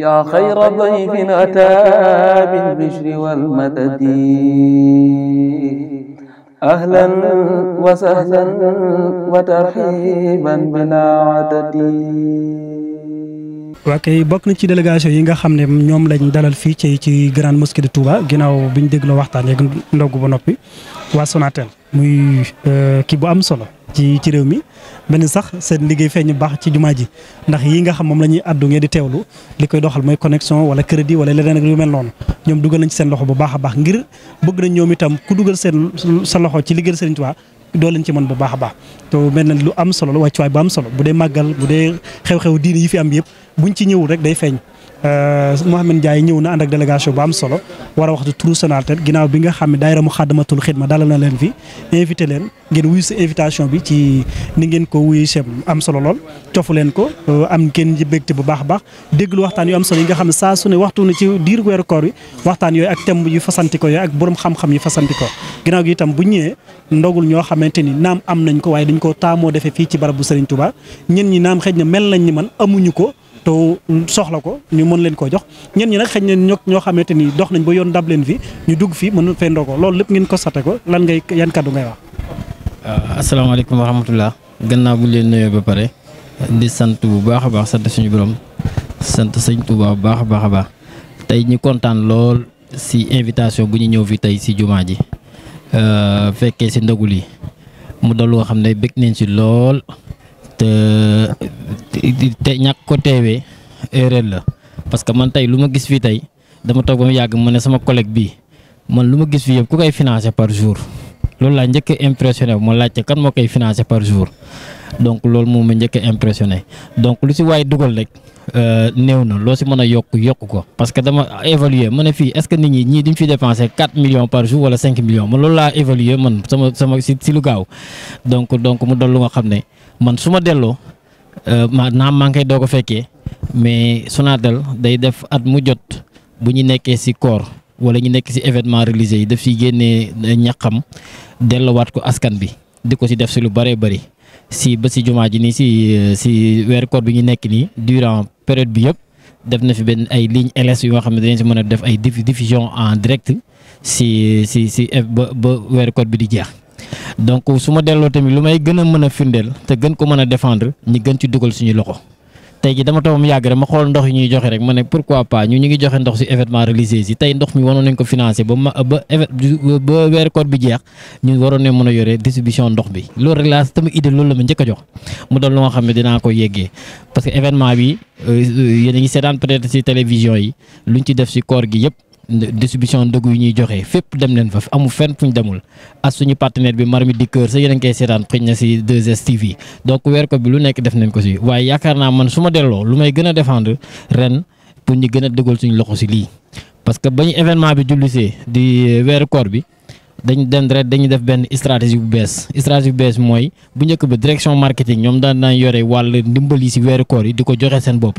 yaa xayra dayfin ataa bil bishri wal madadi ahlan wa sahlan wa tarxiiban bilaa adadi waa kay bokk na ci délégation yi nga xam ne ñoom lañ dalal fii ci ci grande mosquée de Touba ginnaaw bi ñu dégloo waxtaan yeeg ndogu ba noppi waa Sonatel muy euh, kii bu am solo ci ci réew mi benn sax seen liggéey feeñu baax ci jumaa ji ndax yi nga xam moom la ñuy addu ngeen di teewlu li koy doxal mooy connexion wala crédit wala leneen ak yu mel noonu ñoom dugal nañ ci seen loxo bu baax a baax ngir bëgg nañ ñoom itam ku dugal seen sa loxo ci liggéey Sëriñ Tuubaa doo leen ci mën bu baax a baax te mel na lu am solo la wàccuwaay bu am solo bu dee màggal bu dee xew-xew diini yi fi am yëpp buñ ci ñëwul rek day feeñ Euh, Mouhamed Ndiaye ñëw na ànd ak délégation bu am solo war a waxtu turu Sonatel ginnaaw bi nga xam ne daayira mu xàddamatul ma dalal na leen fi invité leen ngeen wuyu sa invitation bi ci ni ngeen ko wuyu seeb am solo lool cofu leen ko euh, am ngeen bégte bu baax baax déglu waxtaan yu am solo yi nga xam ne saa su ne waxtu na ci diir weeru koor wi waxtaan yooyu ak thème yu fasanti ko yooyu ak borom xam-xam yu fasanti ko ginnaaw gi itam bu ñëwee ndogul ñoo xamante ni naam am nañ ko waaye dañ ko taamoo defee fii ci barabu Serigne Touba ñen ñi naam xëj na mel nañ ni man amuñu ko te soxla ko ñu mën leen koo jox ñen ñi nag xëy leen ñoo ñoo xamante ni dox nañ ba yoon dab leen fi ñu dugg fi mën fee ndogoo lool lépp ngeen ko sate ko lan ngay yan kàddu ngay wax. waaw ah, asalaamaaleykum wa gannaaw bu leen nuyoo ba pare di sant bu baax a baax sant suñu borom sant sëñ Touba bu baax a baax a baax tey ñu kontaan lool si invitation bu ñu ñëw fi tey si jumaa ji ah, fekkee si ndogul yi mu doon loo xam ne bégg nañ si lool te ñàkk ko teewee erreur la parce que man tey lu ma gis fii tey dama toog ba mu yàgg ma ne sama collègue bii man lu ma gis fii yëpp ku koy par jour loolu laa njëkk a impressionné ma laajte kan moo koy financé par jour donc loolu moom ma njëkk a impressionné donc lu si waay dugal rek euh, néew na loo si mën a yokk yokk ko parce que dama évaluer ma ne fii est ce que nit ñi ñii diñ fi dépensé 4 millions par jour wala 5 millions man loolu laa évaluer man sama sama si si lu gaaw donc mu doon lu nga xam ne man su delloo Euh, maanaam maa ngi koy doog a fekkee mais Sonatel day def at mu jot bu ñu nekkee ci koor wala ñu nekk ci événement religieux yi def ciy génnee euh, ñaqam dellowaat ko askan bi di ko si def si lu bëree bëri si ba si jumaa ji nii si ci euh, weer koor bi ñu nekk nii durant période bi yëpp def na fi benn ay ligne LS yu nga xam ne dañ si mën a def ay diffusion en direct si si ci eh, ba weer koor bi di jeex. donc su ma delloo tamit lu may gën a mën a firndeel te gën ko mën a defendre ñi gën ci dugal suñu loxo tey ji dama toogam yàgg ma xool ndox yi ñuy joxe rek ma ne pour pourquoi pas ñu ñu ngi joxe ndox si événement religieux yi tey ndox mi waroon nañ ko financé ba ma ba ba weer koor bi jeex ñu waroon ne mën a yore distribution ndox bi loolu rek laa sama idée loolu la ma njëkk jox mu doon lu nga xam ne dinaa ko yeggee parce que événement bi euh, euh, yéen a ngi seetaan peut-être si télévision yi luñ ci def si koor gi yëpp distribution dëgg yu ñuy joxe fépp dem leen fa amul fenn fu ñu demul as suñu partenaire bi Marmite du Cœur sa yéen a ngi koy seetaan xëy na si 2STV donc weer ko bi lu nekk def nañ ko si waaye yaakaar naa man su ma delloo lu may gën a ren pour ñu gën a dëggal suñu loxo si lii. parce que bañu événement bi jullisee di weeru koor bi dañ dem dañuy def benn stratégie bu bees stratégie bu bees mooy bu njëkk ba direction marketing ñoom daan daan yore wàll ndimbal yi si weeru koor yi di ko joxe seen bopp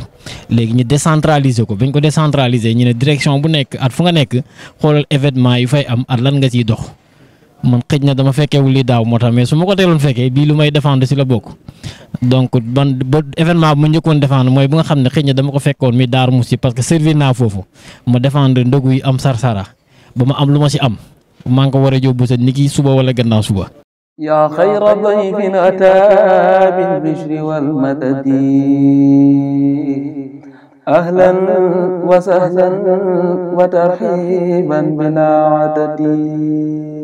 léegi ñu décentraliser ko bañ ko décentraliser ñu ne direction bu nekk at fu nga nekk xoolal événement yu fay am at lan nga ciy dox man xëj na dama fekkee wul li daaw moo tax mais su ma ko teeloon fekkee bii lu may défendre si la bokk donc man ba événement bu ma njëkkoon défendre mooy bu nga xam ne xëj na dama ko fekkoon mi daar si parce que servir naa foofu ma défendre ndogu yi am sarsara ba ma am lu ma si am maa ngi ko war a yóbbu sa niki suba wala gannaaw suba. yaa xayra dayfin ataa bil bishri wal madadi ahlan wa sahlan wa tarhiban bilaa adadi